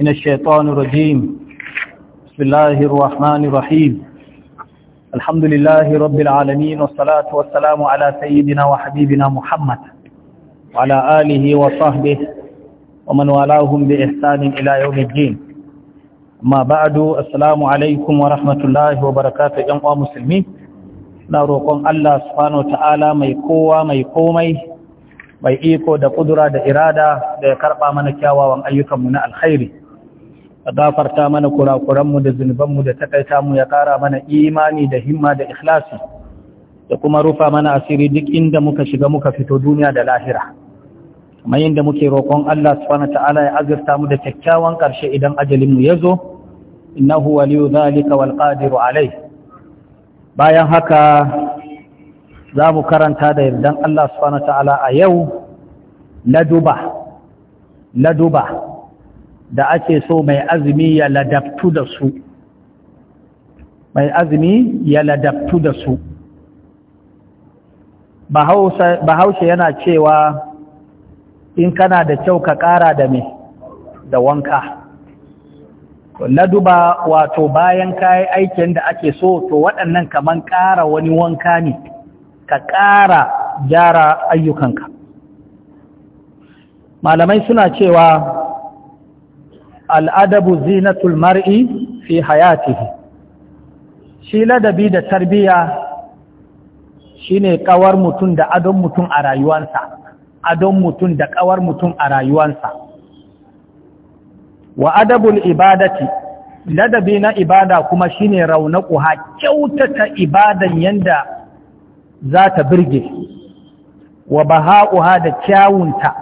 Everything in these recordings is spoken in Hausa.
من الشيطان الرجيم بسم الله الرحمن الرحيم الحمد لله رب العالمين والصلاة والسلام على سيدنا وحبيبنا محمد وعلى آله وصحبه ومن والاهم بإحسان إلى يوم الدين ما بعد السلام عليكم ورحمة الله وبركاته جمع مسلمين na roƙon Allah subhanahu ta'ala mai kowa mai komai mai iko da ƙudura da irada da ya karɓa mana kyawawan ayyukanmu na alkhairi gafarta mana kurakuranmu da zunubanmu da takaita mu ya kara mana imani da himma da ikhlasi da kuma rufa mana asiri duk inda muka shiga muka fito duniya da lahira kamar yadda muke roƙon Allah subhanahu ta'ala ya azurta mu da kyakkyawan ƙarshe idan ajalin mu yazo innahu waliyu zalika wal qadiru alai bayan haka za mu karanta da yardan Allah subhanahu ta'ala a yau laduba laduba da ake so mai azumi ya ladabtu da su mai azumi ya ladabtu da su bahaushe yana cewa in kana da kyau ka ƙara da me da wanka laduba wato bayan kayi aikin da ake so to waɗannan kaman ƙara wani wanka ne ka ƙara gyara ayyukanka malamai suna cewa al'adabu zinatul mar'i fi hayatihi shi ladabi da tarbiya shine kawar mutum da adon mutum a rayuwansa adon mutum da kawar mutum a rayuwansa wa adabul ibadati ladabi na ibada kuma shine raunaku ha kyautata ibadan yanda za ta birge wa baha'uha da kyawunta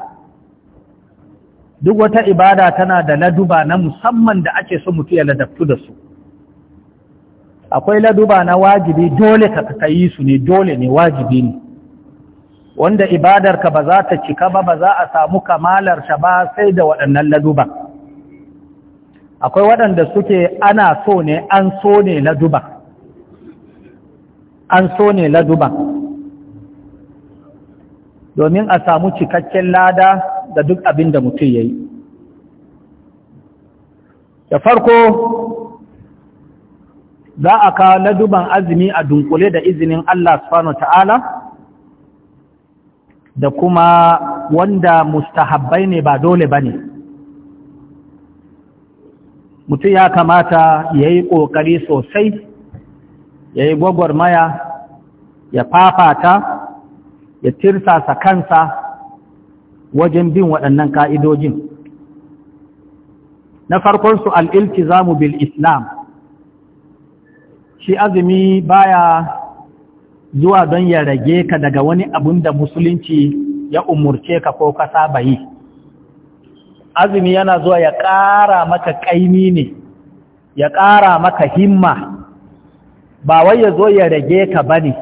duk wata ibada tana da laduba na musamman da ake so mutu ya ladabtu da su akwai laduba na wajibi dole ka ka yi su ne dole ne wajibi ne wanda ibadarka ba za ta cika ba ba za a samu kamalar sha ba sai da waɗannan laduba akwai waɗanda suke ana so ne an so ne laduba an so ne laduba domin a samu cikakken lada da duk abin da mutum ya yi da farko za a kawo laduban azumi a dunkule da izinin Allah subhanahu ta'ala da kuma wanda mustahabbai ne ba dole ba ne mutum ya kamata ya yi ƙoƙari sosai ya yi gwagwarmaya ya fafata ya tirsasa kansa wajen bin waɗannan ka'idojin na farkon su farkonsu zamu bil islam shi azumi baya zuwa don ya rage ka daga wani abun da musulunci ya umurce ka ko kasa bayi. azumi yana zuwa ya ƙara maka ƙaimi ne ya ƙara maka himma ba wai ya zo ya rage ka bane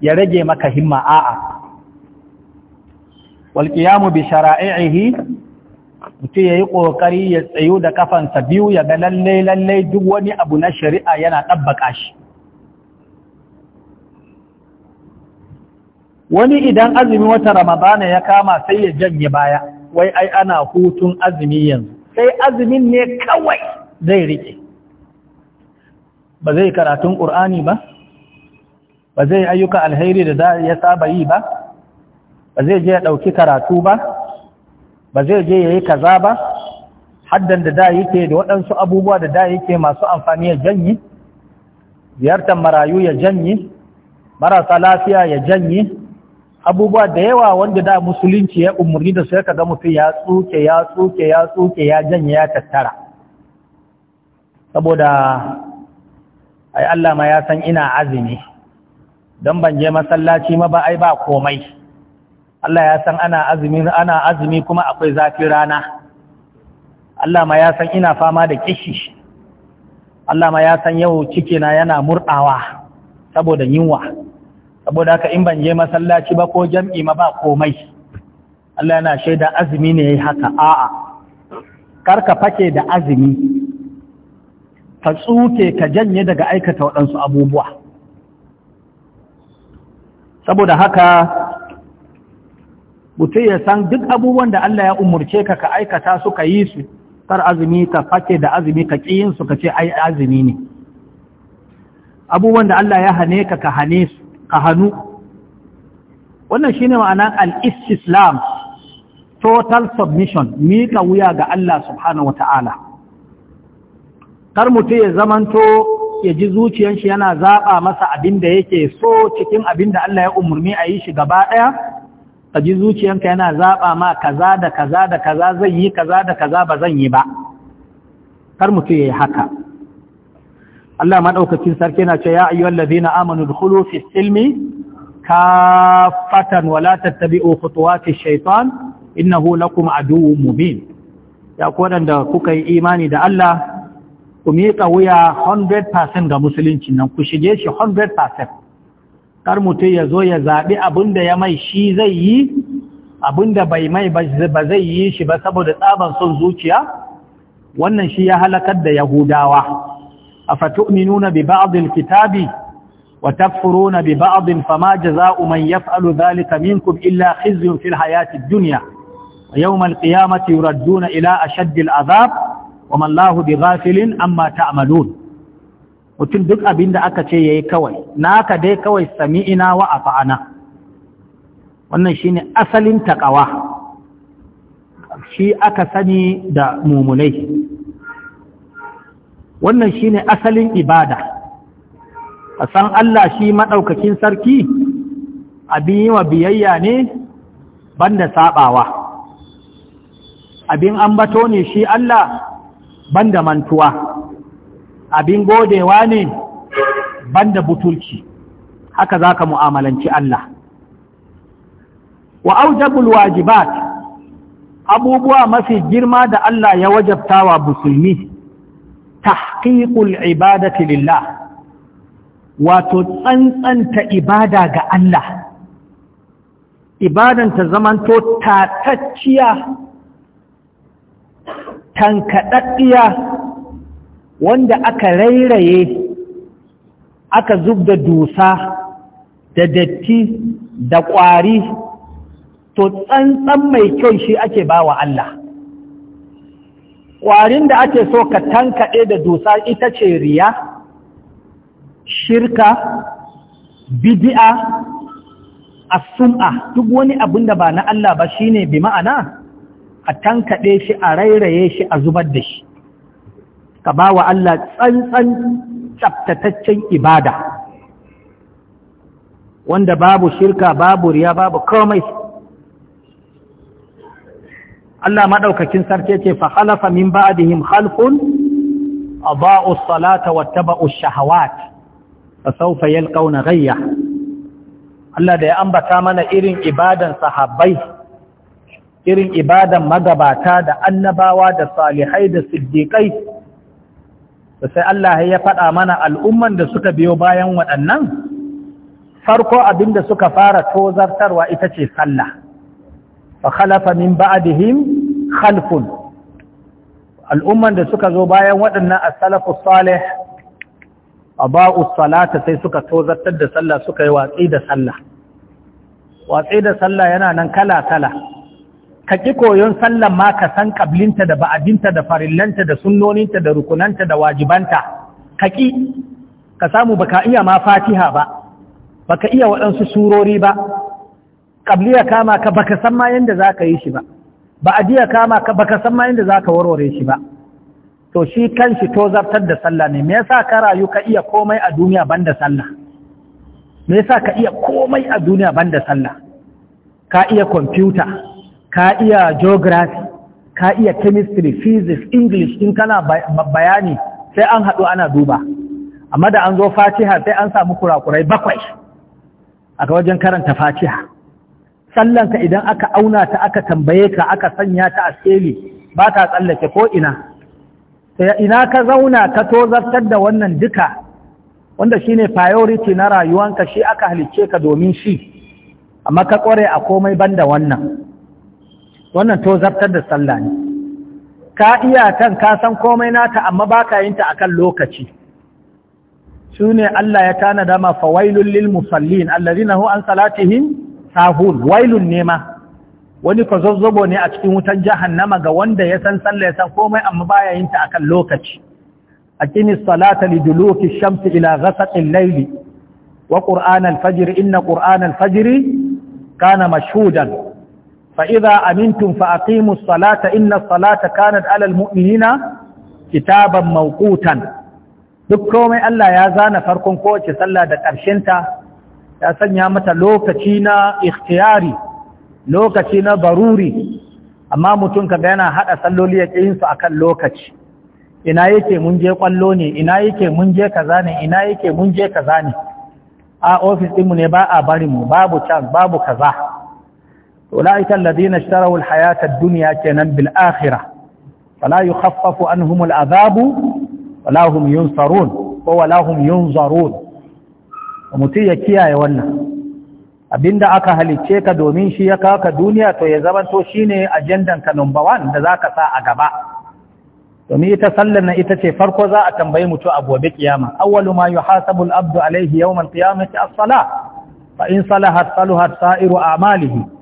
ya rage maka himma a'a walƙiyamu bi shara'i'ihi mutum ya yi ƙoƙari ya tsayo da kafansa biyu ya ga lallai-lallai duk wani abu na shari'a yana ɗabbaƙa shi wani idan azumi wata ramadana ya kama sai ya janye baya wai ai ana hutun azumi yanzu sai azumin ne kawai zai riƙe ba zai karatun ƙur'ani ba ba zai ayyuka alheri da ya saba yi ba ba zai je ya ɗauki karatu ba ba zai je ya yi kaza ba haddan da da yake da waɗansu abubuwa da da yake masu amfani ya janyi ziyartar marayu ya janyi marasa lafiya ya janyi abubuwa da yawa wanda da musulunci ya umarni da su ya kaga mutum ya tsuke ya tsuke ya tsuke ya janye ya tattara saboda ai Allah ma ya san ina azumi don ban je masallaci ma ba ai ba komai Allah ya san ana azumi ana azumi kuma akwai zafi rana Allah ma ya san ina fama da kishi Allah ma ya san yau cikina yana murɗawa saboda yunwa saboda haka in ban je masallaci ba ko jam'i ma ba komai Allah yana shaida azumi ne yayi haka a'a karka fake da azumi ka tsuke ka janye daga aikata waɗansu abubuwa saboda haka mutum ya san duk abubuwan da Allah ya umurce ka ka aikata su ka yi su kar azumi ka fake da azumi ka yin su ka ce ai azumi ne abubuwan da Allah ya hane ka ka hane su ka hannu wannan shine ma'anar al Islam total submission mika wuya ga Allah subhanahu wata'ala kar mutum ya zamanto ya ji zuciyar yana zaɓa masa abin da yake so cikin abin da Allah ya umarni a yi shi gaba ɗaya ka ji zuciyanka yana zaɓa ma kaza da kaza da kaza zan yi kaza da kaza ba zan yi ba kar mutum ya yi haka Allah maɗaukacin sarki na ce ya ayyuwan lazina amanu dukulu fi silmi Ka kafatan wala tattabi'u fi shaitan innahu lakum mu mubin ya kodanda kuka yi imani da Allah ku miƙa wuya 100% ga musulunci nan ku shige shi 100% kar mutum ya zo ya zaɓi abin da ya mai shi zai yi abin da bai mai ba zai yi shi ba saboda tsaban son zuciya wannan shi ya halakar da yahudawa أفتؤمنون ببعض الكتاب وتكفرون ببعض فما جزاء من يفعل ذلك منكم إلا خزي في الحياة الدنيا ويوم القيامة يردون إلى أشد العذاب وما الله بغافل أما تعملون mutum duk abin da aka ce ya yi kawai naka dai kawai sami'ina wa a fa'ana. wannan shi ne asalin taƙawa, shi aka sani da mumunai wannan shi ne asalin ibada a san Allah shi maɗaukakin sarki abin yi wa biyayya ne banda saɓawa abin ambato ne shi Allah banda mantuwa abin godewa ne banda butulci haka za ka mu'amalanci Allah wa aujabul wajibat abubuwa mafi girma da Allah ya wajabta wa musulmi tahqiqul ibadati lillah wato tsantsanta ibada ga Allah ibadan ta zamanto tatacciya tankaɗaɗɗiya wanda aka rairaye aka zub da dusa da datti da ƙwari to tsantsan mai kyau shi ake ba wa Allah ƙwarin da ake so ka tankaɗe da dusa ita ce riya shirka bidi'a asum'a duk wani abin da ba na Allah ba shine bi ma'ana a tankaɗe shi a rairaye shi a zubar da shi ka ba wa Allah tsantsan tsaftataccen ibada wanda babu shirka babu riya babu komai Allah maɗaukakin sarki ce fa halafa min ba'dihim khalqun adaa'u as-salata ba ash-shahawat fa sawfa yalqawna ghayya Allah da ya ambata mana irin ibadan sahabbai irin ibadan magabata da annabawa da salihai da siddiƙai sai Allah ya faɗa mana al'umman da suka biyo bayan waɗannan farko abin da suka fara tozartarwa ita ce sallah fa khalafa min ba'dihim khalfun al'umman da suka zo bayan waɗannan as-salafu salih aba'u salata sai suka tozartar da sallah suka yi watsi da sallah watsi da sallah yana nan kala kala ka ƙi koyon sallan ma ka san ƙablinta da ba'adinta da farillanta da sunnoninta da rukunanta da wajibanta ka ƙi ka samu baka iya ma fatiha ba baka iya waɗansu surori ba ƙabliya kama ka baka san ma yadda za ka yi shi ba ba'adiya kama ka baka san ma yadda za ka warware shi ba to shi kan shi to zartar da sallah ne me yasa ka rayu ka iya komai a duniya banda sallah me yasa ka iya komai a duniya banda sallah ka iya kwamfuta ka iya geography ka iya chemistry physics english in kana bayani sai an haɗu ana duba amma da an zo fatiha sai an samu kurakurai bakwai aka wajen karanta fatiha tsallanka idan aka auna ta aka tambaye ka aka sanya ta a tseli ba ta tsallake ko ina Sai ina ka zauna ka tozartar da wannan duka wanda shine priority na rayuwanka shi aka halicce ka domin shi amma ka kware a komai banda wannan wannan to zartar da sallah ne ka iya kan ka san komai naka amma baka yin ta akan lokaci sune Allah ya tanada ma fawailul lil musallin alladhina hu an salatihim sahun wailun nema wani kwazazzabo ne a cikin wutan jahannama ga wanda ya san sallah ya san komai amma baya yin ta akan lokaci aqimi salata liduluki shamsi ila ghasaqil layli wa qur'ana al-fajr inna qur'ana al-fajr kana mashhudan فإذا أمنتم فأقيموا الصلاة إن الصلاة كانت على المؤمنين كتابا موقوتا duk komai Allah ya zana farkon kowace sallah da ƙarshenta ya sanya mata lokaci na ikhtiyari lokaci na baruri amma mutum kaga yana haɗa salloli ya ƙi su akan lokaci ina yake mun je ƙwallo ne ina yake mun je kaza ne ina yake mun je kaza ne a ofis ɗinmu ne ba a bari mu babu can babu kaza أولئك الذين اشتروا الحياة الدنيا كنا بالآخرة فلا يخفف عنهم العذاب ولا هم ينصرون ولا هم ينظرون ومتي يكيا يوانا abinda aka halicce ka domin shi ya kawo ka duniya to ya zamanto shine ajandan ka number 1 da zaka sa a gaba domin ita sallar na ita ce farko za a tambayi mutu a gobe kiyama awwalu ma yuhasabu al-abdu alayhi yawm kiyama qiyamati salah fa in salahat saluhat sa'iru a'malihi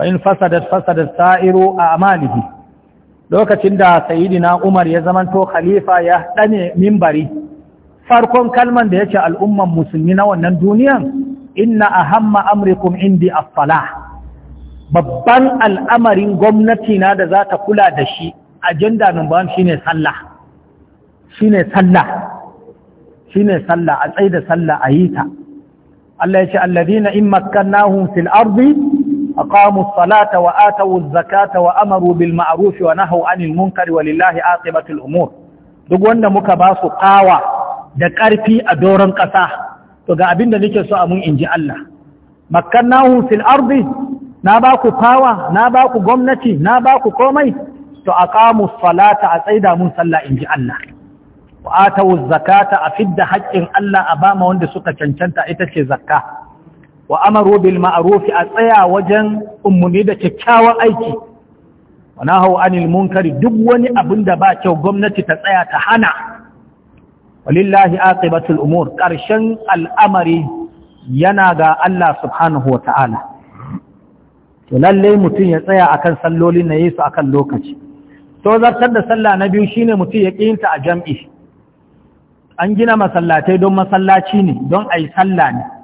wa fasadar fasadar sairo a amalihi lokacin da na umar ya zamanto khalifa ya ɗane mimbari farkon kalman da ya ce al'umman musulmi na wannan duniyan inna a hamma amrikum indi a fala. babban al'amarin gwamnati na da za ta kula da shi ajanda numban shi ne sallah shi ne sallah shi ne sallah a tsaye da sallah a yi ta Allah ya ce allazina in nahu fil ardi aqamu as-salata wa atu zakata wa amaru bil ma'ruf wa nahaw 'anil munkar wa lillahi 'aqibatul umur duk wanda muka ba su kawa da ƙarfi a doron ƙasa to ga abinda nake so a mun inji Allah makkannahu fil ardi na ba ku fawa na ba ku gwamnati na ba ku komai to aqamu as-salata a tsaida mun sallah inji Allah wa atawu zakata a fidda haƙƙin Allah a bama wanda suka cancanta ita ce zakka wa amaru bil ma'ruf a tsaya wajen ummuni da kyakkyawan aiki wa nahaw anil munkari duk wani abin da ba kyau gwamnati ta tsaya ta hana walillahi aqibatul umur karshen al'amari yana ga Allah subhanahu wata'ala to lalle mutum ya tsaya akan sallolin na yesu akan lokaci to zartar da sallah na biyu shine mutum ya kinta a jam'i an gina masallatai don masallaci ne don ai sallah ne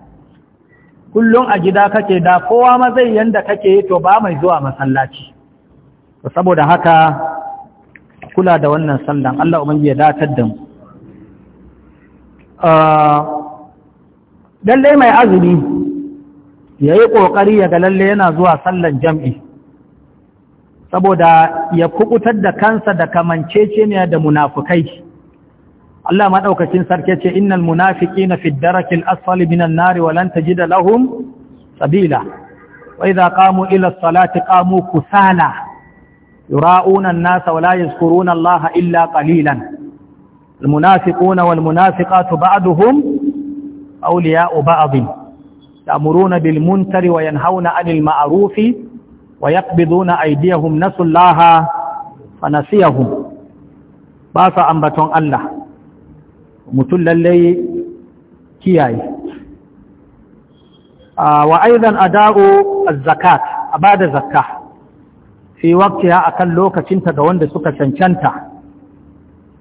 kullum a gida kake da kowa ma zai yanda kake yi to ba mai zuwa masallaci saboda haka kula da wannan sallan Allah umarji ya datar da mu ah, lallai mai azumi ya yi ƙoƙari ya ga lallai yana zuwa sallan jam'i saboda ya kukutar da kansa da kamanceceniya da munafukai Allah madaukakin sarki ce innal munafiqina fi darakil asfali minan nari wa lan tajida lahum sabila wa idza qamu ila as-salati qamu kusala yura'una an-nasa wa la yadhkuruna Allah illa qalilan المنافقون والمنافقات بعضهم أولياء بعض يأمرون بالمنكر وينهون عن المعروف ويقبضون أيديهم نسوا الله فنسيهم باسا أنبتون الله mutum lallai kiyaye A wa aizan da'o zakat a ba da zakka fi a akan lokacinta ga wanda suka cancanta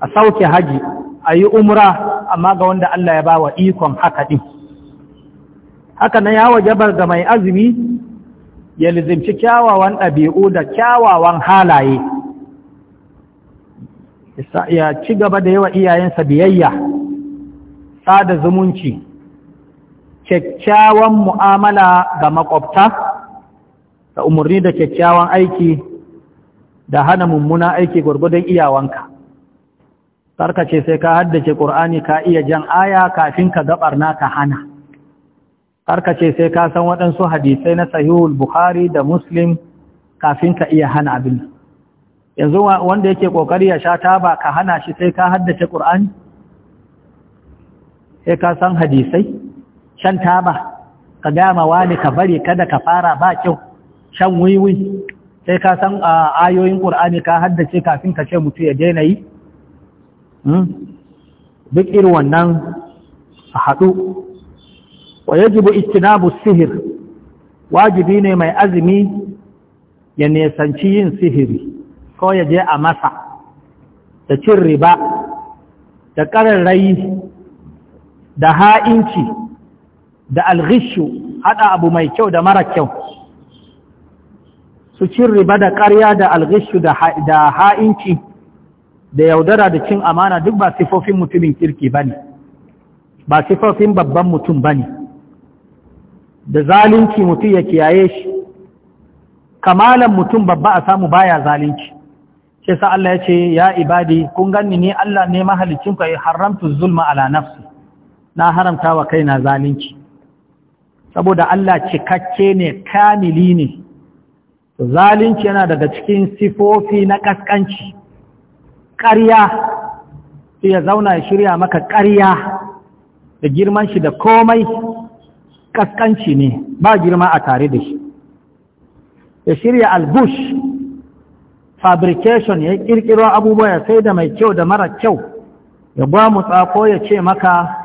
a sauke haji a yi umra amma ga wanda Allah ya ba wa ikon haka ɗin haka na yawo jabar da mai azumi ya lizimci kyawawan ɗabi'u da kyawawan halaye ya ci gaba da yawa iyayensa biyayya sada zumunci kyakkyawan mu'amala ga makwabta da umarni da kyakkyawan aiki da hana mummuna aiki gwargwadon iyawanka ce sai ka haddace ƙur'ani ka iya jan aya kafin ka gabarna ka hana ce sai ka san waɗansu hadisai na sahihul bukhari da muslim kafin ka iya hana abin yanzu wanda yake ƙoƙari ya sha taba ka hana shi sai ka haddace ƙur'ani sai ka san hadisai shan taba ka gama wani ka bari kada ka fara ba kyau shan wiwi sai ka san ayoyin ƙur'ani ka haddace kafin ka ce mutu ya daina yi hmm? duk irin wannan a haɗu wa yajibu ittinabu sihir wajibi ne mai azumi ya nesanci yin sihiri ko ya je a masa da cin riba da ƙararrayi da ha'inci da alghishu haɗa abu mai kyau da mara kyau su cin riba da ƙarya da alghishu da ha'inci da yaudara da cin amana duk ba sifofin mutumin kirki ba ne ba sifofin babban mutum ba ne da zalunci mutum ya kiyaye shi kamalan mutum babba a samu baya zalunci shi Allah ya ce ya ibadi kun ganni ne Allah ne mahalicinku ya haramtu zulma ala nafsi na haramta wa kaina zalunci saboda Allah cikakke ne kamili ne zalunci yana daga cikin sifofi na kaskanci ƙarya sai ya zauna ya shirya maka ƙarya da girman shi da komai kaskanci ne ba girma a tare da shi ya shirya albush fabrication ya kirkiro abubuwa ya sai da mai kyau da mara kyau ya mu tsako ya ce maka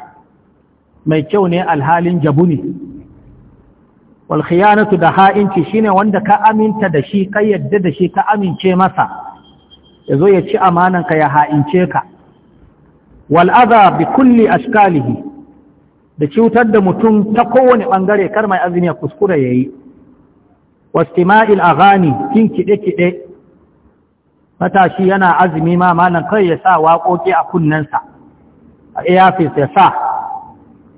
mai kyau ne alhalin jabu ne wal da ha'inci shine wanda ka aminta da shi ka yadda da shi ka amince masa Ya zo ya ci amananka ya ha'ince ka wal'aza bi kulli ashkalihi da cutar da mutum ta kowane ɓangare, kar mai azumi ya kuskura ya yayi wastima'il gani kin kiɗe-kiɗe. matashi yana azumi ma manan kai ya sa waƙoƙi a kunnensa a iyafis ya sa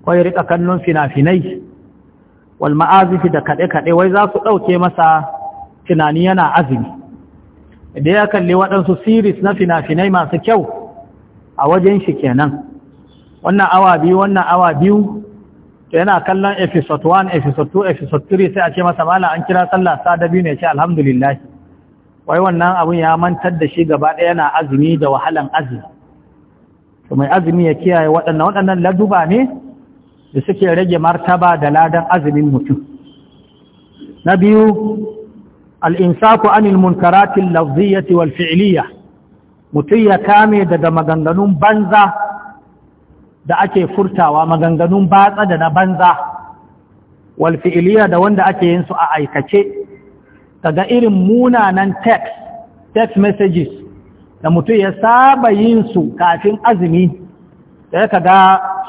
ko ya rika kallon fina-finai wal ma'azifi da kaɗe-kaɗe wai za su ɗauke masa tunani yana azumi idan ya kalli waɗansu siris na fina-finai masu kyau a wajen shi kenan wannan awa biyu wannan awa biyu to yana kallon episode 1 episode 2 episode 3 sai a ce masa mala an kira sallah sada biyu ne ce alhamdulillah wai wannan abun ya mantar da shi gaba ɗaya yana azumi da wahalan azumi to mai azumi ya kiyaye waɗannan waɗannan laduba ne da suke rage martaba da ladan azumin mutum na biyu al'insaku anil munkaratin lafziyyati wal fi'liya mutum ya kame daga maganganun banza da ake furtawa maganganun batsa da na banza wal da wanda ake yin su a aikace daga irin munanan text text messages da mutum ya saba yin su kafin azumi sai ka ga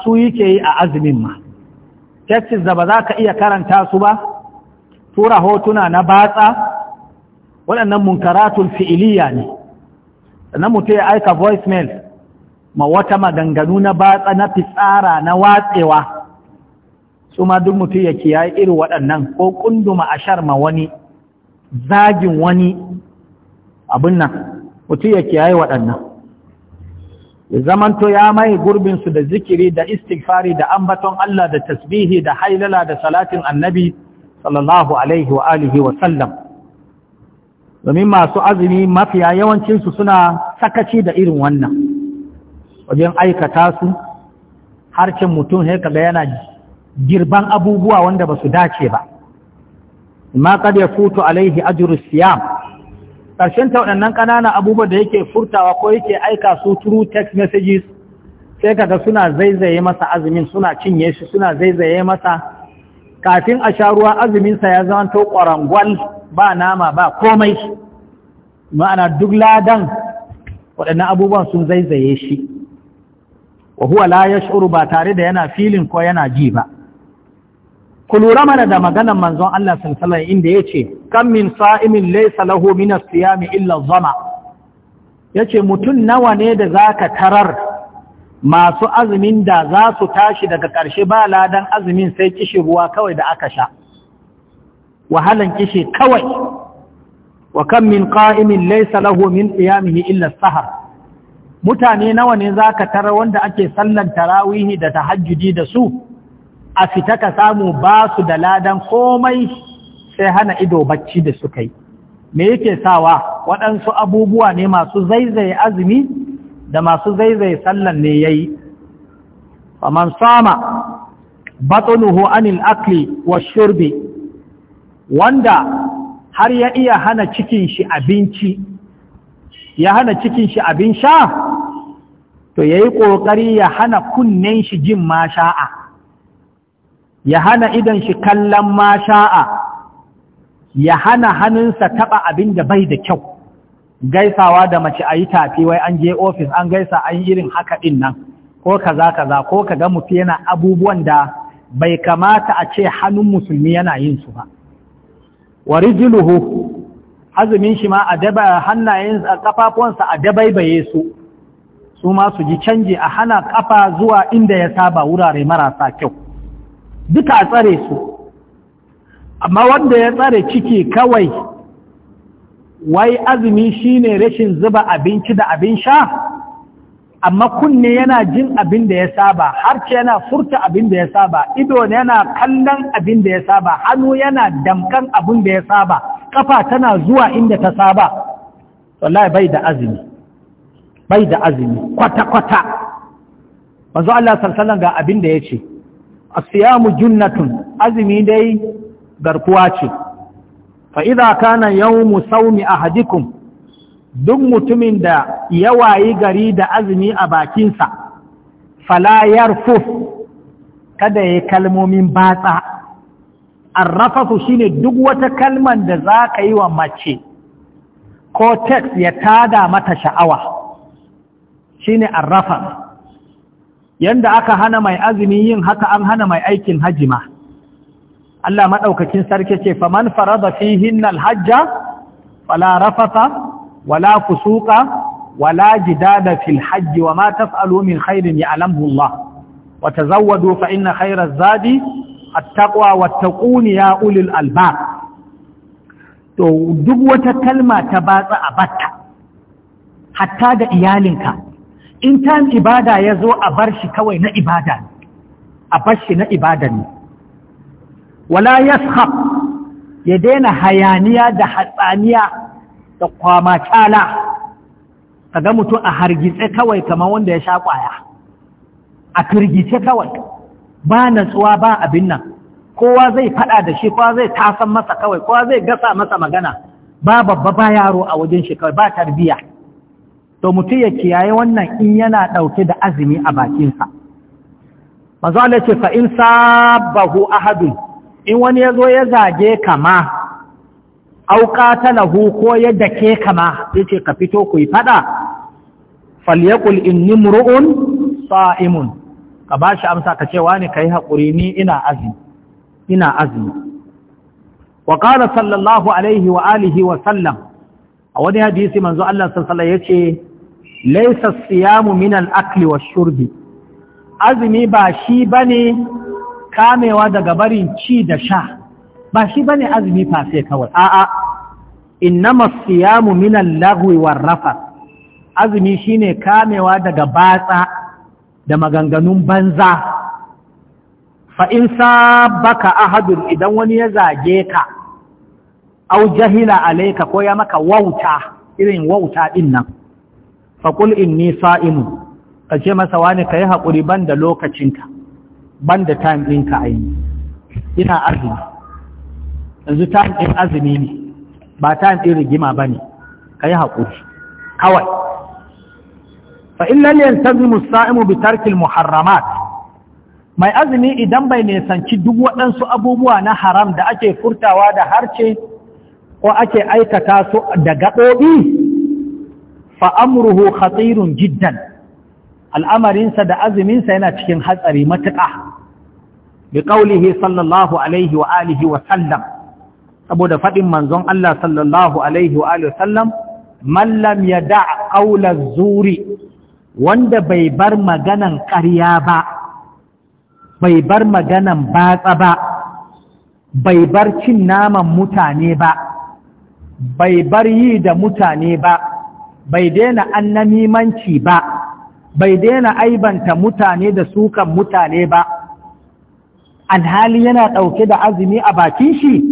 su yake yi a azumin ma texas da ba za ka iya karanta su ba tura hotuna na batsa waɗannan munkaratul fi'iliya ne sannan mutum ya aika voicemail ma wata maganganu na batsa na fitsara na watsewa su ma duk mutum ya kiyaye irin waɗannan ko ƙunduma a sharma wani zagin wani abin nan mutum ya kiyaye waɗannan zamanto ya mai gurbinsu da zikiri da istighfari da ambaton Allah da tasbihi da hailala da salatin annabi sallallahu alaihi wa alihi wa sallam domin masu azumi mafiya yawancinsu suna sakaci da irin wannan wajen aikata su harcin mutum haikala yana girban abubuwa wanda ba su dace ba ma kad ya futu alaihi ajru siyam ƙarshen ta waɗannan ƙananan abubuwan da yake furtawa ko yake aika su through text messages sai kaga suna zaizaye masa azumin suna cinye shi suna zaizaye masa kafin a sha ruwa azuminsa ya zama to ƙwarangwal ba nama ba komai ma'ana duk ladan waɗannan abubuwan sun zaizaye shi wa huwa la yash'uru ba tare da yana filin ko yana ji ba ku lura mana da maganan manzon Allah sallallahu inda yace kam min sa'imin laysa lahu min as-siyami illa zama yace mutun nawa ne da zaka tarar masu azumin da za su tashi daga ƙarshe ba ladan azumin sai kishi ruwa kawai da aka sha wahalan kishi kawai wa kam min qa'imin laysa lahu min qiyamihi illa sahar mutane nawa ne zaka tarar wanda ake sallan tarawihi da tahajjudi da su a fita ka samu ba su da ladan komai sai hana ido bacci da suka yi me yake sawa waɗansu abubuwa ne masu zaizaye azumi da masu zaizaye sallan ne ya yi faman sama batsunuhu anil akli wa shurbi wanda har ya iya hana cikin shi abinci ya hana cikin shi abin sha to ya yi ƙoƙari ya hana kunnen shi jin ma sha'a ya hana idan shi kallon ma sha'a ya hana hannunsa taɓa abin da bai da kyau gaisawa da mace a yi tafi wai an je ofis an gaisa an irin haka ɗin nan ko kaza kaza ko ka ga mutu yana abubuwan da bai kamata a ce hannun musulmi yana yin su ba wa rijluhu azumin shi ma a daba hannayen a dabaibaye su su ma su ji canji a hana kafa zuwa inda ya saba wurare marasa kyau duka a tsare su amma wanda ya tsare ciki kawai wai azumi shine rashin zuba abinci da abin sha amma kunne yana jin abin da ya saba harce yana furta abin da ya saba ido yana kallon abin da ya saba hannu yana damkan abin da ya saba kafa tana zuwa inda ta saba wallahi bai da azumi bai da azumi kwata-kwata wanzu Allah sallallahu ga abin da ya ce asiyamu junnatun azumi dai garkuwa ce fa idza kana yawmu sawmi ahadikum duk mutumin da yawayi gari da azumi a bakinsa fala yarfuf kada ya kalmomin batsa arrafafu shine duk wata kalman da za ka yi wa mace ko text ya tada mata sha'awa shine arrafafu yanda aka hana mai azumi yin haka an hana mai aikin haji ma Allah maɗaukakin sarki ce faman farada fihinna alhajja fala rafata wala kusuka, wala jidada fil hajji ma taf'alu min khairin ya'lamuhu Allah wa tazawwadu fa inna khayra zadi at-taqwa wattaquni ya ulil albab to duk wata kalma ta batsa a batta hatta da iyalinka in tan ibada ya zo a bar shi kawai na ibada a bar shi na ibada ne wala yashab ya daina hayaniya da hatsaniya da kwama tsala kaga mutum a hargitse kawai kamar wanda ya sha kwaya a kirgice kawai ba natsuwa ba abin nan kowa zai fada da shi kowa zai tasan masa kawai kowa zai gasa masa magana ba babba ba yaro a wajen shi kawai ba tarbiyya to mutum ya kiyaye wannan in yana ɗauke da azumi a bakinsa mazu Allah ce fa in sabahu ahadun in wani ya zo ya zage kama auka ta lahu ko ya dake kama ya ce ka fito ku yi faɗa falyakul inni mur'un sa'imun ka ba shi amsa ka ce ne ka yi haƙuri ni ina azumi ina azumi alihi wa sallam, a wani hadisi manzo Allah sallallahu alaihi wa sallam ya ce, laisa siyamu minal akli wa shurbi azumi ba shi bane kamewa daga barin ci da sha ba shi bane azumi fa sai kawai a'a innama siyamu min lagwi war-rafa azumi shine kamewa daga batsa da maganganun banza fa in sabaka ahadun idan wani ya zage ka au jahila alayka ko ya maka wauta irin wauta din faƙul inni sa'imu ka ce masa wani ka yi haƙuri ban da lokacinka ban da ɗinka a yi ina azumi yanzu ɗin azumi ne ba time ɗin rigima ba ne ka yi haƙuri kawai fa'in lalyan tazimu sa'imu bitarkin muharramat mai azumi idan bai nesanci duk waɗansu abubuwa na haram da ake furtawa da harce ko ake aikata su da gaɓoɓi fa'amruhu khatirun jiddan al'amarinsa da azuminsa yana cikin hatsari matuƙa bi ƙaulihi sallallahu alaihi wa alihi wa sallam saboda faɗin manzon Allah sallallahu alaihi wa alihi wa sallam mallam ya da ƙaular zuri wanda bai bar maganan ƙarya ba bai bar maganan batsa ba bai bar cin naman mutane ba bai bar yi da mutane ba bai daina annamimanci ba bai daina aibanta mutane da sukan mutane ba alhali yana ɗauke da azumi a bakin shi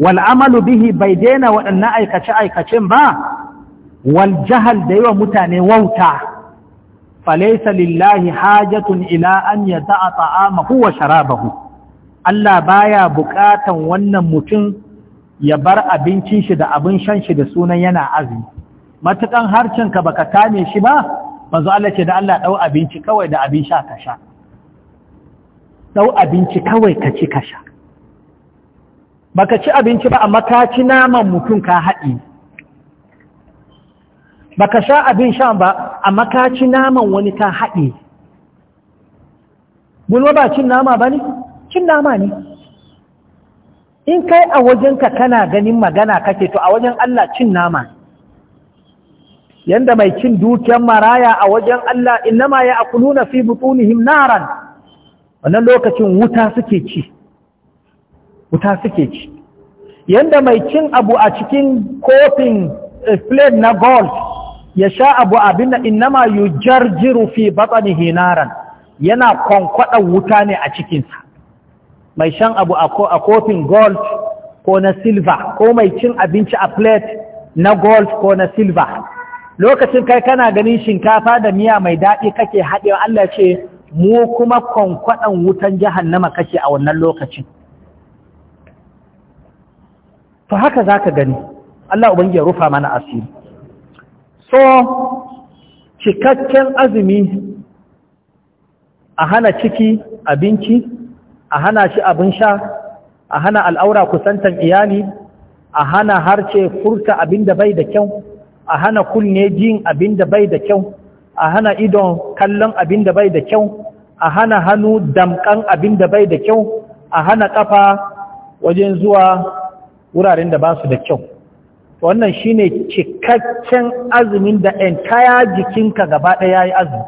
Wal amalu bihi bai daina waɗannan aikace-aikacen ba wal jahal da yi wa mutane wauta falaisa lillahi hajatun ila an ya ta'a ta'amahu wa sharabahu Allah baya buƙatan wannan mutum ya bar abincin shi da abin shan shi da sunan yana azumi matukan ka baka kame shi ba manzo Allah ce da Allah dau abinci kawai da abin sha ka sha dau abinci kawai ka ci ka sha baka ci abinci ba amma ka ci naman mutum ka haɗi baka sha abin sha ba amma ka ci naman wani ka haɗi gulma ba cin nama ba ne cin nama ne in kai a wajenka kana ganin magana kake to a wajen Allah cin nama ne yanda mai cin dukiyar maraya a wajen Allah innama ya akuluna fi butunihim naran wannan lokacin wuta suke ci wuta suke ci yanda mai cin abu a cikin kofin eh, plate na gold ya sha abu abin innama yujarjiru fi batnihi naran yana kwankwadan wuta ne a cikinsa mai shan abu a kofin gold ko na silver ko mai cin abinci a plate na gold ko na silver lokacin kai kana ganin shinkafa da miya mai daɗi kake haɗewa Allah ce mu kuma kwankwaɗan wutan jahannama kake a wannan lokacin to haka za ka gani Allah ubangi ya rufa mana asiri so cikakken azumi a hana ciki abinci a hana shi abin sha a hana al'aura kusantan iyali a hana harce furta abin da bai da kyau a hana kunne jin abin da bai da kyau a hana idon kallon abin da bai da kyau a hana hannu damkan abin da bai da kyau a hana kafa wajen zuwa wuraren da ba su da kyau wannan shine cikakken azumin da 'yan kaya jikinka gaba ɗaya ya yi azumi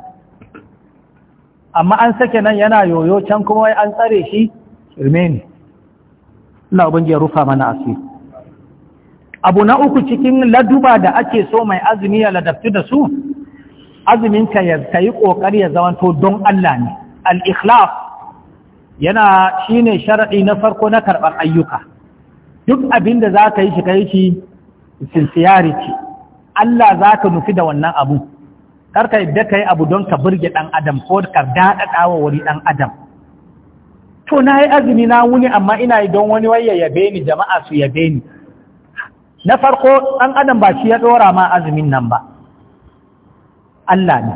amma an sake nan yana yoyo can kuma an tsare shi shirme ne Allah ubangiji rufa mana asiri abu na uku cikin laduba da ake so mai azumi ya ladabtu da su azuminka ya yi ƙoƙari ya zamanto don Allah ne al-ikhlas yana shine sharadi na farko na karɓar ayyuka duk abin da za ka yi shi ka yi shi sincerity Allah za ka nufi da wannan abu karka yadda ka yi abu don ka burge ɗan adam ko ka daɗaɗa wa wani ɗan adam to na yi azumi na wuni amma ina yi don wani wai ya yabe ni jama'a su yabe ni na farko ɗan adam ba shi ya ɗora ma azumin nan ba Allah ne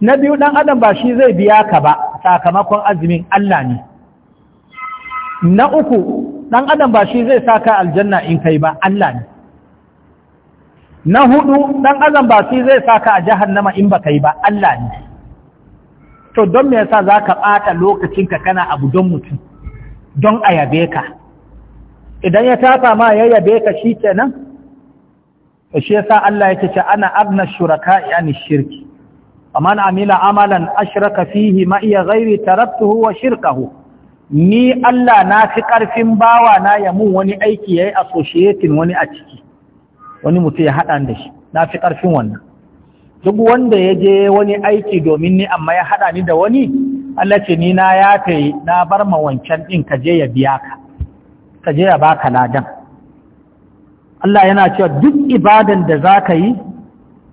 na biyu ɗan adam ba shi zai biya ka ba sakamakon azumin Allah ne na uku ɗan adam ba shi zai saka aljanna in kai ba Allah ne na hudu ɗan adam ba shi zai saka a jahannama in ba kai ba Allah ne to don me yasa za ka ɓata lokacinka kana abu don mutum don a yabe ka idan ya tafa ma ya yabe ka shi kenan shi sa Allah ya ce ana abna shuraka yani shirki amma na amila amalan ashiraka fihi ma iya zairi taraktuhu wa shirkahu ni Allah na fi ƙarfin bawa na ya mun wani aiki ya yi associating wani a ciki wani mutum ya haɗa da shi na fi ƙarfin wannan duk wanda ya je wani aiki domin ni amma ya haɗa ni da wani Allah ce ni na ya yi na bar ma wancan ɗin ka je ya biya ka ka je ya baka ladan Allah yana cewa duk ibadan da za ka yi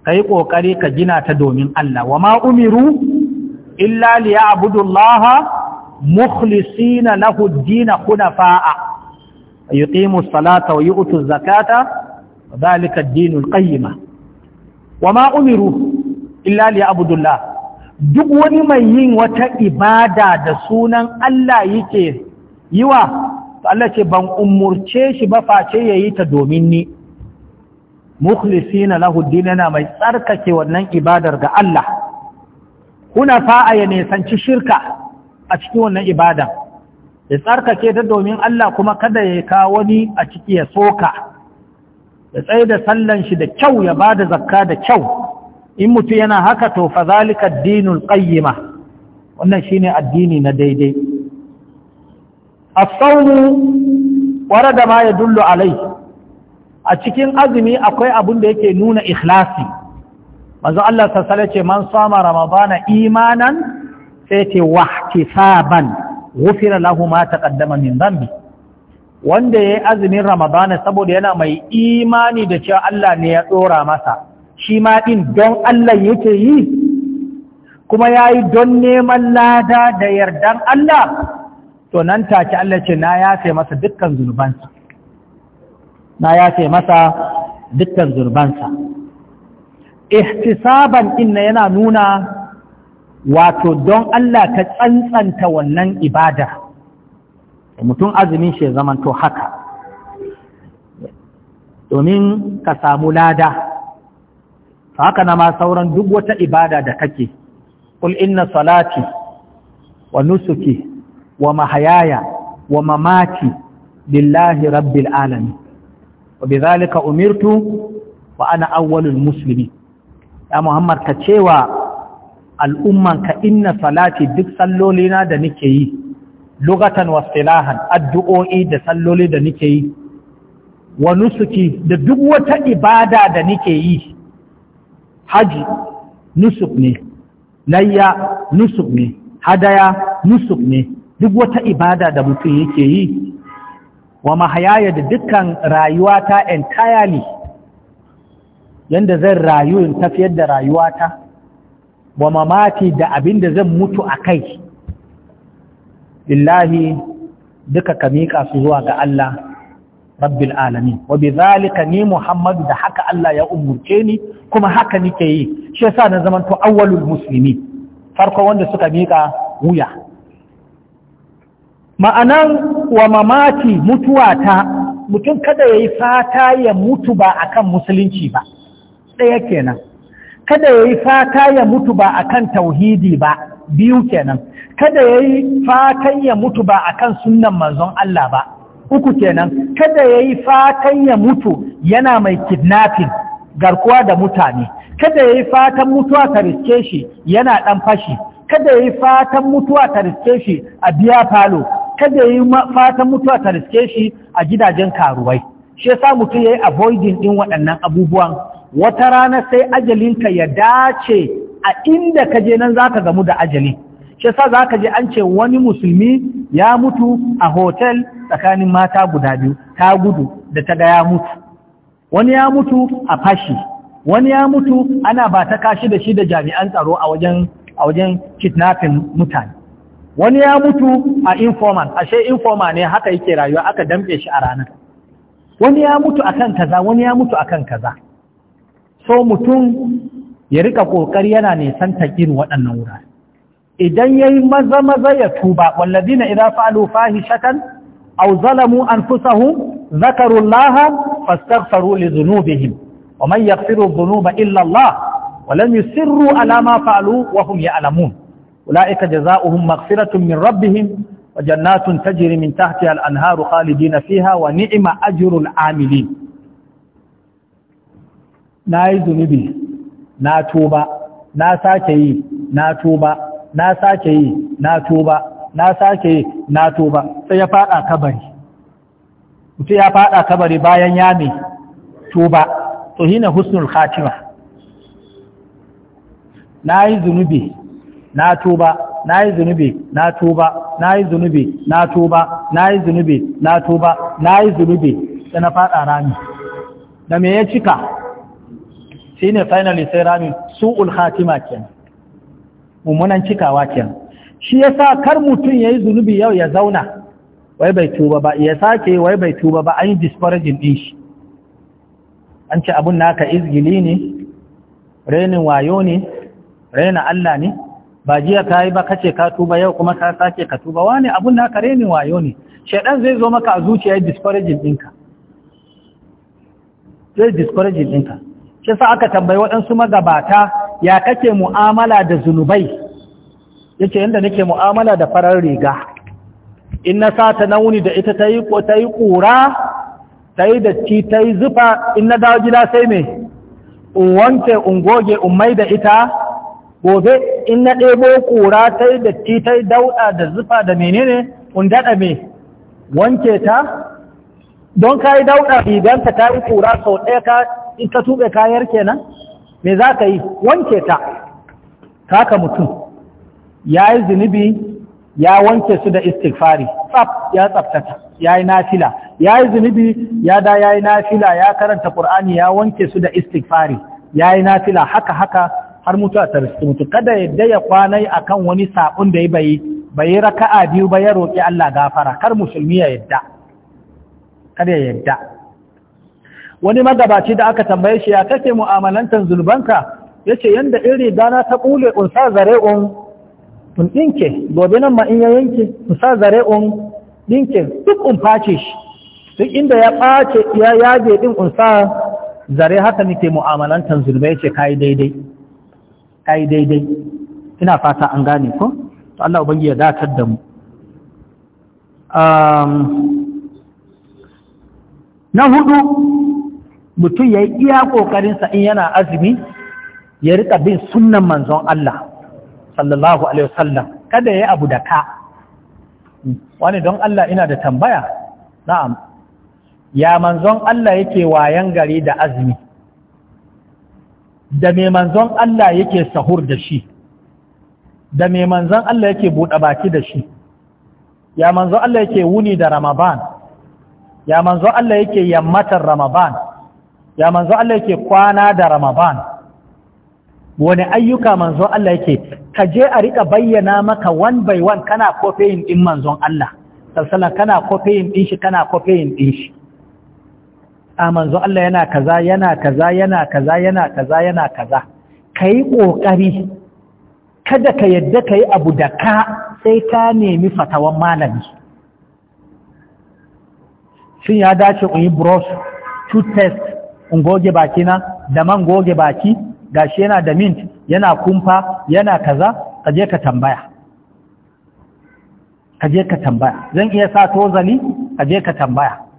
ka yi ƙoƙari ka gina ta domin Allah wa ma'umiru illa liya abudullaha na lahu dina hunafa'a yuqimu salata wa yu'tu zakata dhalika ad-din al wa ma'umiru illa liya abudullah duk wani mai yin wata ibada da sunan Allah yake yiwa to Allah ce ban umurce shi ba face yayi ta domin ni na lahu dinana mai tsarkake wannan ibadar ga Allah kuna fa'a ya nesanci shirka a cikin wannan ibada ya tsarkake ta domin Allah kuma kada ya kawo wani a ciki ya soka ya tsaye da sallan shi da kyau ya ba da zakka da kyau in mutu yana haka to fa zalika ad-dinul qayyima wannan shine addini na daidai as-sawmu warada ma yadullu alai a cikin azumi akwai abin da yake nuna ikhlasi manzo Allah sassale ce man sama ramadana imanan sai ce wahtisaban ghufira lahu ma taqaddama min dhanbi wanda yayi azumin ramadana saboda yana mai imani da cewa Allah ne ya tsora masa shi ma din don Allah yake yi kuma yayi don neman lada da yardan Allah to nan take Allah ce na yafe masa dukkan zurbansa, na yafe masa dukkan zunubansa ihtisaban inna yana nuna wato don Allah ka tsantsanta wannan ibada mutum azumin shi zaman to haka domin ka samu lada haka na ma sauran duk wata ibada da kake qul inna salati wa nusuki wa mahayaya wa mamati lillahi rabbil alamin wa bidhalika umirtu wa ana awwalul muslimin ya muhammad ka cewa al'umman ka inna salati duk sallolina da nike yi lugatan wa silahan addu'o'i da salloli da nike yi wa nusuki da duk wata ibada da nike yi haji nusuk ne layya nusuk ne hadaya nusuk ne duk wata ibada da mutum yake yi wa mahayaya da dukkan rayuwata entirely yanda zan rayu in tafiyar da rayuwata wa mamati da abin da zan mutu a kai lillahi duka ka miƙa su zuwa ga Allah rabbil alamin wa bi zalika ni muhammadu da haka Allah ya umurce ni kuma haka nike yi shi yasa na zaman to awwalul muslimin farko wanda suka miƙa wuya ma'anan wa mamaki mutuwa ta mutum kada ya yi fata ya mutu ba akan musulunci ba ɗaya kenan kada ya yi fata ya mutu ba akan tauhidi ba biyu kenan kada ya yi fatan ya mutu ba akan sunan manzon Allah ba uku kenan kada ya yi fatan ya mutu yana mai kidnafin garkuwa da mutane kada ya yi fatan mutuwa ta riske shi yana ɗan fashi kada ya yi fatan mutuwa ta riske shi a biya falo kada yi fatan mutuwa ta riske shi a gidajen karuwai shi yasa mutum yayi avoiding din waɗannan abubuwan wata rana sai ajalinka ya dace a inda ka je nan zaka gamu da ajali shi yasa zaka je an ce wani musulmi ya mutu a hotel tsakanin mata guda biyu ta gudu da ta ga ya mutu wani ya mutu a fashi wani ya mutu ana ba ta kashi da shi da jami'an tsaro a wajen a wajen kidnapping mutane wani ya mutu a informal ashe informal ne haka yake rayuwa aka dambe shi a ranar wani ya mutu akan kaza wani ya mutu akan kaza so mutum ya rika kokari yana nisan takin waɗannan wurare idan yayi maza maza ya tuba walladina idza fa'alu fahishatan aw zalamu anfusahum zakaru Allah fastaghfiru li dhunubihim wa man yaghfiru dhunuba illa Allah wa lam yusirru ala ma fa'alu wa hum ya'lamun أولئك جزاؤهم مغفرة من ربهم وجنات تجري من تحتها الأنهار خالدين فيها ونعم أجر العاملين ناي ذنبي نا توبة نا ساكي نا توبة نا ساكي نا توبة نا ساكي نا توبة سيفاء كبري mutum ya fada kabari bayan ya mai tuba to hina husnul khatima na yi zunubi na tuba na yi zunubi na tuba na yi zunubi na tuba na yi zunubi na tuba na yi zunubi sai na fada rami da me ya cika shi ne finally sai rami su'ul khatima kenan mummunan cikawa kenan shi yasa kar mutum yayi zunubi yau ya zauna wai bai tuba ba ya sake wai bai tuba ba an yi disparagin din shi an ce abun naka izgili ne renin wayo ne rena Allah ne ba jiya ka yi ba kace ka tuba yau kuma ka sake ka tuba wani abun da kare ni wayo ne shedan zai zo maka a zuciya discouraging dinka zai discouraging dinka shi sa aka tambayi waɗansu magabata ya kake mu'amala da zunubai yace yanda nake mu'amala da farar riga in na sata na wuni da ita tayi ko tayi kura tayi datti tayi zufa in na dawo gida sai me wanke in goge da ita gobe in na ɗebo ƙura ta yi da ta yi dauɗa da zufa da menene un daɗa me wanke ta don ka yi dauɗa riganta ta yi ƙura sau ɗaya ka in ka tuɓe kayar kenan me za ka yi wanke ta kaka mutum ya yi zunubi ya wanke su da istighfari tsaf ya tsaftata ya yi nafila ya yi zunubi ya da ya yi nafila ya karanta ƙur'ani ya wanke su da istighfari ya yi nafila haka haka har mutu a tarihi mutu kada yadda ya a kan wani sabon da ya bai raka raka'a biyu ba ya roƙi Allah gafara kar musulmi ya yadda kar ya yadda wani magabaci da aka tambaye shi ya kake mu'amalantar zulbanka ce yanda iri gana ta kule unsa zare un ɗinke gobe nan ma in ya yanke zare zare'un ɗinke duk in face shi duk inda ya face ya yage din sa zare haka nake mu'amalantar zulbai ce kayi daidai ai daidai ina fata an gane ko to Allah ubangi ya datar da mu na hudu mutum ya yi iya ƙoƙarinsa in yana azumi ya rika bin sunnan manzon Allah sallallahu alaihi wasallam kada yayi abu da ka wani don Allah ina da tambaya na'am ya manzon Allah yake wayan gari da azumi da mai manzon Allah yake sahur da shi da mai manzon Allah yake buɗe baki da shi ya manzon Allah yake wuni da ramadan ya manzon Allah yake yammatar ramadan ya manzon Allah yake kwana da ramadan wani ayyuka manzon Allah yake ka je a riƙa bayyana maka one by one kana kofayin ɗin manzon Allah sallallahu kana kofayin ɗin shi kana kofayin ɗin shi a manzo Allah yana kaza yana kaza yana kaza yana kaza yana kaza kai ƙoƙari. kada ka yadda yi abu da ka sai ka nemi fatawan malami shin ya dace in yi brush to test in goge baki na da man goge baki gashi yana da mint yana kumfa yana kaza ka ka tambaya ka ka tambaya zan iya sa tozali ka ka tambaya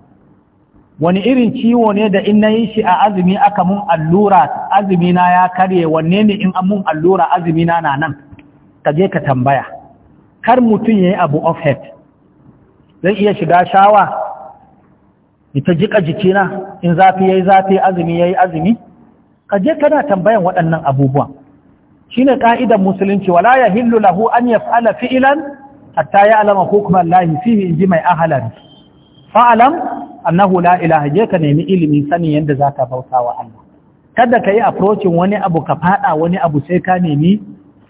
wani irin ciwo ne da in na yi shi a azumi aka mun allura azumina ya karye wanne ne in an mun allura azumi na na nan ka je ka tambaya kar mutum ya yi abu of head zai iya shiga shawa ita jika jikina in zafi ya yi zafi azumi ya yi azumi ka je kana tambayan waɗannan abubuwan shine ƙa'idan musulunci wala ya hillu lahu an yaf'ala fi'lan hatta ya alama hukumar lahi fihi in ji mai ahalar fa'alam annahu la ilaha je ka nemi ilimi sani yadda za ka bauta wa Allah kada ka yi approaching wani abu ka fada wani abu sai ka nemi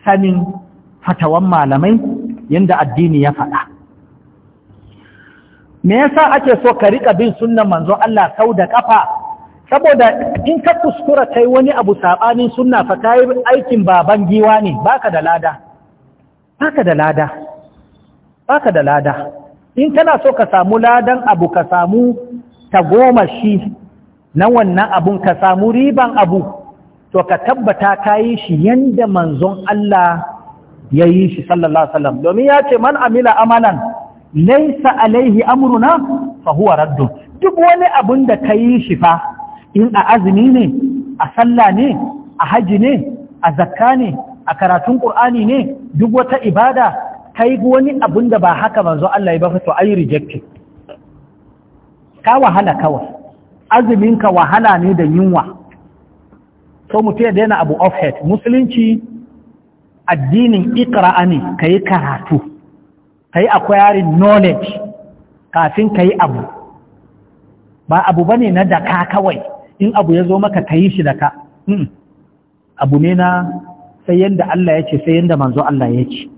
sanin fatawan malamai yadda addini ya fada me yasa ake so ka rika bin sunnan manzon Allah sau da kafa saboda in ka kuskura kai wani abu sabanin sunna fa kai aikin baban giwa ne baka da lada baka da lada baka da lada in tana so ka samu ladan abu ka samu ta goma shi na wannan abun ka samu riban abu to ka tabbata ka yi shi yadda manzon Allah ya yi shi sallallahu alaihi wasallam domin ya ce man amila amalan laisa alaihi amruna fa huwa raddun duk wani abun da ka yi shi fa in a azumi ne a sallah ne a haji ne a zakka ne a karatun qur'ani ne duk wata ibada ka yi wani abun da ba haka manzo Allah ya ba to ai rejected ka wahala kawai azumin ka wahala ne da yunwa To mutum ya daina abu off head musulunci addinin ikra'a ne ka yi karatu ka yi acquiring knowledge kafin ka yi abu ba abu bane na daka kawai in abu ya zo maka ka yi shi daka abu ne na sai yadda Allah ya ce sai yadda manzo Allah ya ce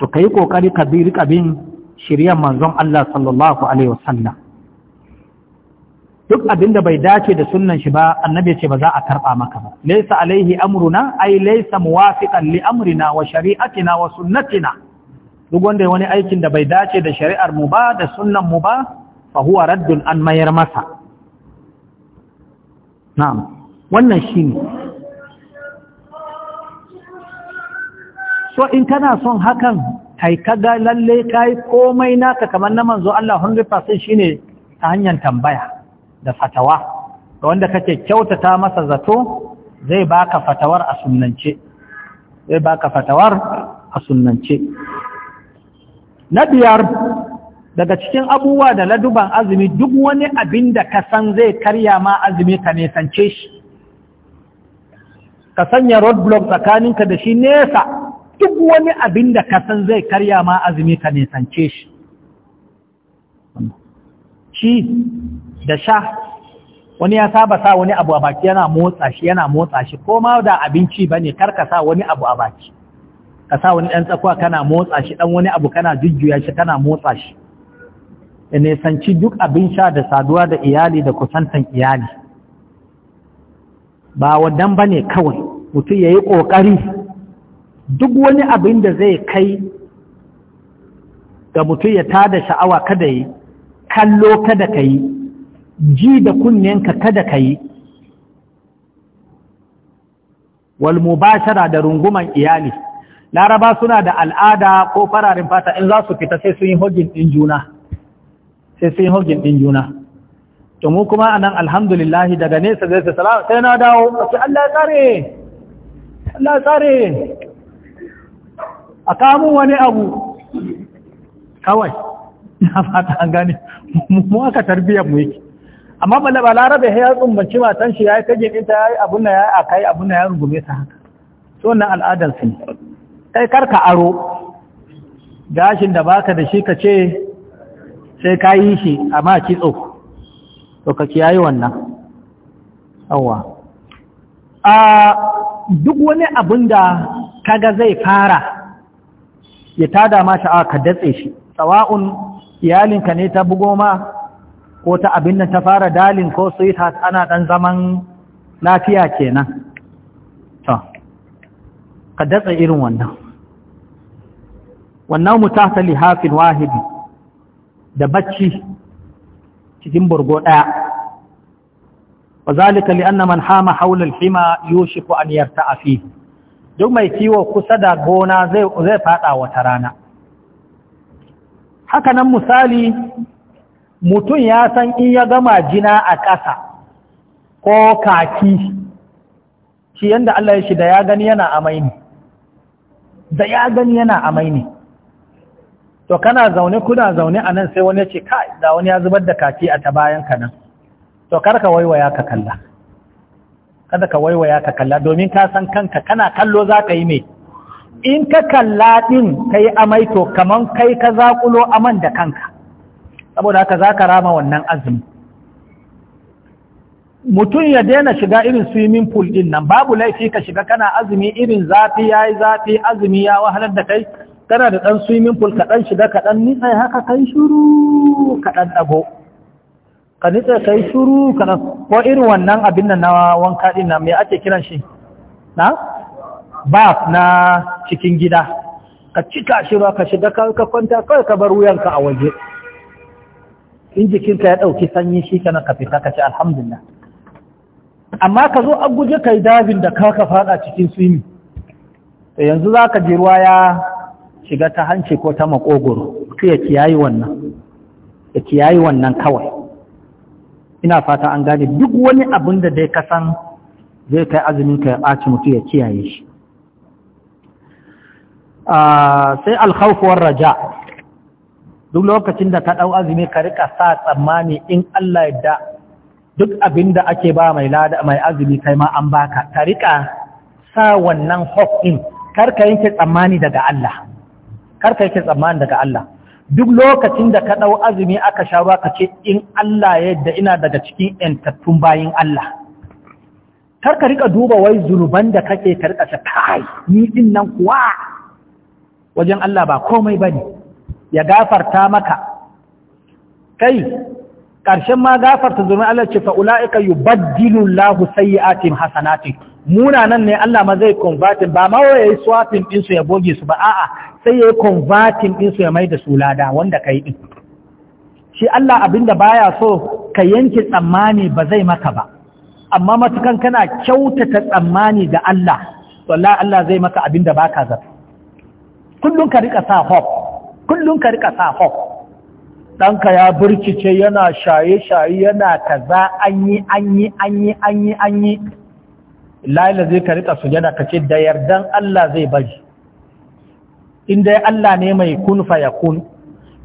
to ka yi ƙoƙari ka bi riƙa bin shiryan manzon Allah sallallahu Alaihi wasallam duk abinda bai dace da sunnan shi ba annabi ce ba za a karɓa maka ba laisa alaihi amruna ai laisa muwafiqan li amrina wa shari'atina wa sunnatina duk wanda wani aikin da bai dace da shari'ar mu ba da sunnan mu ba fa huwa raddun an mayar masa na'am wannan shine so in kana son hakan kai kaga lalle kai komai naka kamar na manzo Allah 100% shine ta hanyar tambaya da fatawa da wanda kake kyautata masa zato zai baka fatawar a sunnance zai baka fatawar a sunnance na biyar daga cikin abubuwa da laduban azumi duk wani abin da ka san zai karya ma azumi ka nesance shi ka sanya roadblock tsakaninka da shi nesa duk wani abin da kasan zai karya ma azumi ka nisance shi ci da sha wani ya saba sa wani abu a baki yana motsa shi yana motsa shi ko ma da abinci ba ne kar ka sa wani abu a baki ka sa wani ɗan tsakuwa kana motsa shi ɗan wani abu kana jujjuya shi kana motsa shi da nisanci duk abin sha da saduwa da iyali da kusantan iyali ba wadan ba ne kawai mutum ya yi ƙoƙari duk wani abin da zai kai ga mutum ya tada sha'awa kada yi kallo kada ka yi ji da kunyanka kada ka yi walmubashara da runguman iyali laraba suna da al'ada ko fararin fata in za su fita sai sun yi hogin ɗin juna sai sun yi hogin ɗin juna to mu kuma anan alhamdulillahi daga nesa zai sai salamu sai na dawo a ce Allah ya tsare Allah ya tsare a kamun wani abu kawai na fata an gane mu aka tarbiyyar mu yake amma bala ba larabe ya tsumbanci matan shi ya yi kajin ita ya yi abun da ya yi a kai abun da ya rungume ta haka so na al'adar su ne kai karka aro gashin da baka da shi ka ce sai ka yi shi amma kitso to ka yayi wannan yawa a duk wani abun da kaga zai fara ya tada ma sha'a ka datse shi tsawa'un iyalinka ne ta bugo ma ko ta abin nan ta fara dalin ko sweetheart ana dan zaman lafiya kenan to ka datse irin wannan wannan mutasa lihafin wahidi da bacci cikin burgo daya وذلك لأن من حام حول الحمى يوشك أن يرتع فيه duk mai kiwo kusa da gona zai fada wata rana hakanan misali mutum ya san in ya gama jina a ƙasa ko kaki shi yadda Allah ya shi da ya gani yana amai ne da ya gani yana amai ne to kana zaune kuna zaune a nan sai wani ya ce kai da wani ya zubar da kaki a ta bayan ka nan to karka waiwaya ka kalla kada ka waiwaya ka kalla domin ka san kanka kana kallo za ka yi mai in ka kalla din ka yi amai to kamar kai ka zaƙulo aman da kanka saboda haka za ka rama wannan azumi mutum ya daina shiga irin swimming pool ɗin nan babu laifi ka shiga kana azumi irin zafi ya yi zafi azumi ya wahalar da kai kana da ɗan swimming pool ka ɗan shiga ka ɗan nisa haka kai shuru ka ɗan ɗago ka nitsa ka yi shuru kana ko irin wannan abin nan na wanka ɗin nan mai ake kiran shi na baf na cikin gida ka cika shi ruwa ka shiga ka kwanta kawai ka bar wuyanka a waje in jikinka ya ɗauki sanyi shi kana ka fita ka ce alhamdulillah amma ka zo an guje ka yi dabin da ka faɗa cikin swimi to yanzu za ka ruwa ya shiga ta hanci ko ta makogoro to ya kiyayi wannan ya kiyayi wannan kawai ina fata an gane duk wani abin da dai kasan zai kai azumin ka ya ɓaci mutu ya kiyaye shi ah, sai alkhawfuwar raja duk lokacin da ka ɗau azumi ka rika sa tsammani in Allah da duk abin da ake ba mai azumi kai ma an baka ka rika sa wannan hope in, kar ka yanke tsammani daga Allah kar ka yanke tsammani daga Allah duk lokacin da ka ɗau azumi aka sha ruwa ka ce in Allah yadda ina daga cikin ‘yantattun bayan Allah. Kar ka rika duba wai zurban da kake ka rika kai ni din nan kuwa wajen Allah ba komai ba ne, ya gafarta maka. Kai, ƙarshen ma gafarta zunubi Allah ce fa ula'ika yubaddilu Allahu sayyi'atin hasanatin nan ne Allah ma zai konvatin ba ma yayi swapping din ya boge su ba a'a sai ya yi konvatin ɗinsu ya maida su lada wanda ka yi din shi Allah abinda baya so ka yanke tsammani ba zai maka ba amma matukan kana kyautata tsammani da Allah wallahi Allah zai maka abinda baka zafi. Kullum ka riƙa sa hope Kullum ka riƙa sa hope ɗanka ya birkice yana shaye-shaye yana kaza an yi an yi an yi an yi an yi laila zai ka rika sujada ka ce da yardan Allah zai bari in dai Allah ne mai kun fa kun,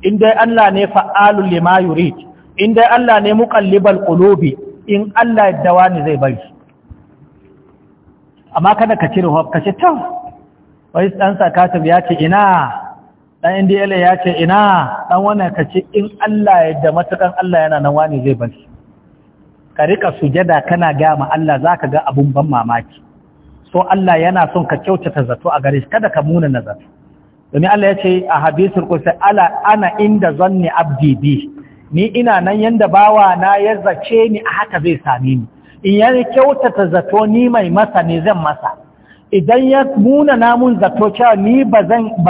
in dai Allah ne fa'alul lima yurid in dai Allah ne muqallibal qulubi in Allah ya ne zai bari amma kada ka cire ka ce to wai dan sakatab ya ce ina dan indiyala ya ce ina dan wannan ka ce in Allah da matakan Allah yana nan wani zai bari ka rika sujada kana ga ma Allah zaka ga abun ban mamaki so Allah yana son ka kyautata zato a gare shi kada ka muna zato domin Allah ya ce a hadisul qudsi ala ana inda zanni abdi bi ni ina nan yanda bawa na ya zace ni a haka zai same ni in ya kyautata zato ni mai masa ne zan masa idan ya nuna namun zato cewa ni ba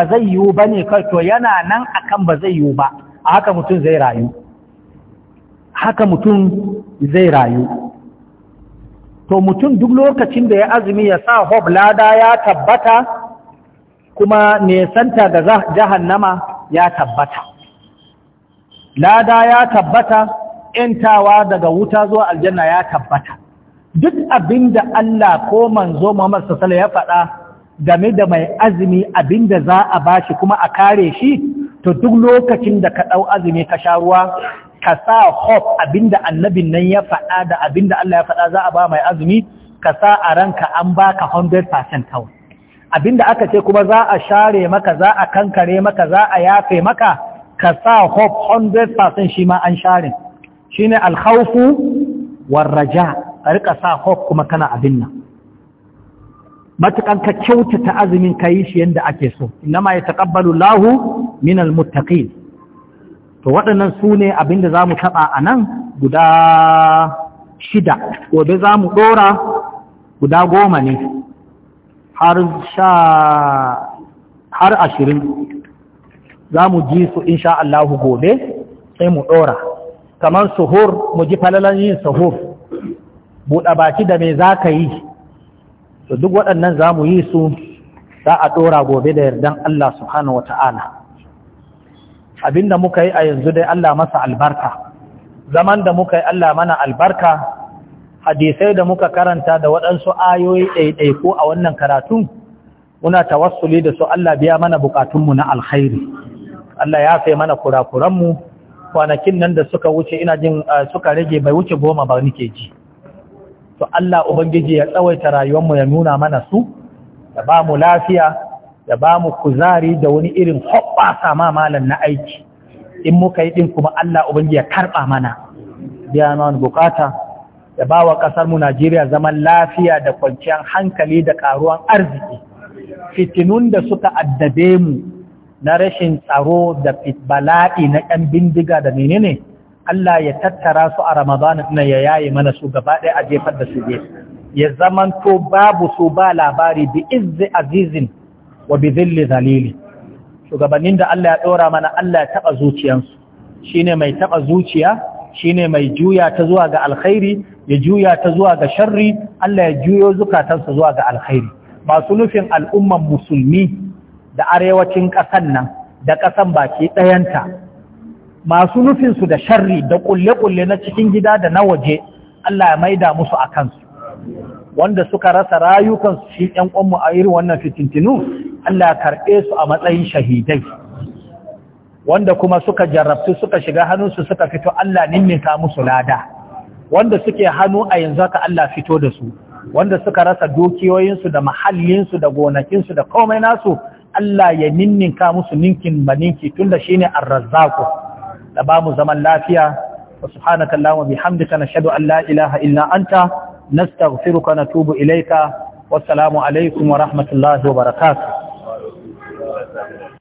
zai yiwu ba ne to yana nan akan ba zai yiwu ba a haka mutum zai rayu haka mutum zai rayu to mutum duk lokacin da ya azumi ya sa hob lada ya tabbata kuma nesanta ga jahannama ya tabbata lada ya tabbata ‘yantawa daga wuta zuwa aljanna ya tabbata duk abinda Allah ko manzo Muhammad sallallahu ya faɗa game da mai azumi abinda za a bashi kuma a kare shi to duk lokacin da ka ɗau azumi ka sha ruwa ka sa hof abinda annabin nan ya faɗa da abinda Allah ya faɗa za a ba mai azumi ka sa a ranka an baka 100% kawai abinda aka ce kuma za a share maka za a kankare maka za a yafe maka ka sa hof 100% shi ma an share shine alkhawfu warraja a rika sa hof kuma kana abin nan matukan ka kyautata azumin ka yi shi yadda ake so inama ya taƙabbalu lahu min almuttaqin to waɗannan su ne abin da za mu taɓa a nan guda shida gobe za mu ɗora guda goma ne har sha har ashirin za mu ji su insha Allah gobe sai mu ɗora kamar suhur mu ji falalan yin suhur buɗa baki da me za ka yi to duk waɗannan za mu yi su za a ɗora gobe da yardan Allah subhanahu wata'ala da muka yi a yanzu dai Allah masa albarka zaman da muka yi Allah mana albarka hadisai da muka karanta da waɗansu ayoyi ɗaiɗaiku a wannan karatun muna tawassuli da su Allah biya mana bukatunmu na alkhairi Allah ya fai mana kurakuranmu kwanakin nan da suka wuce ina jin eh, suka rage bai wuce goma ba nike ji to Allah ubangiji ya tsawaita rayuwar mu ya nuna mana su ya ba mu lafiya ya ba mu kuzari da wani irin hoɓɓasa ma malam na aiki in muka yi ɗin kuma Allah Ubangiji ya karɓa mana biya na bukata ya ba wa ƙasarmu Najeriya zaman lafiya da kwanciyar hankali da ƙaruwan arziki fitinun da suka addabe mu na rashin tsaro da bala'i na ‘yan bindiga da menene Allah ya tattara su a Ramadan na ya yaye mana su gaba ɗaya a jefar da su je ya zamanto babu su ba labari bi izzi azizin wa bi zilli zalili shugabannin da Allah ya ɗora mana Allah ya taɓa zuciyansu shine mai taɓa zuciya shine mai juya ta zuwa ga alkhairi ya juya ta zuwa ga sharri Allah ya juyo zukatansa zuwa ga alkhairi masu nufin al'umman musulmi da arewacin ƙasan nan da ƙasan baki ɗayanta masu nufinsu da sharri da ƙulle-ƙulle na cikin gida da na waje Allah ya maida musu a kansu wanda suka rasa rayukansu shi ‘yan ƙwanmu a irin wannan fitintinu Allah ya karɓe su a matsayin shahidai wanda kuma suka jarrabtu suka shiga hannunsu suka fito Allah nimminka musu lada wanda suke hannu a yanzu haka Allah fito da su wanda suka rasa dukiyoyinsu da mahallinsu da gonakinsu da komai nasu Allah ya nimminka musu ninkin ba ninki tunda shine ar-razzaqu da ba mu zaman lafiya wa subhanaka allahumma bihamdika nashhadu an la ilaha illa anta nastaghfiruka natubu ilayka wassalamu alaikum wa rahmatullahi wa barakatuh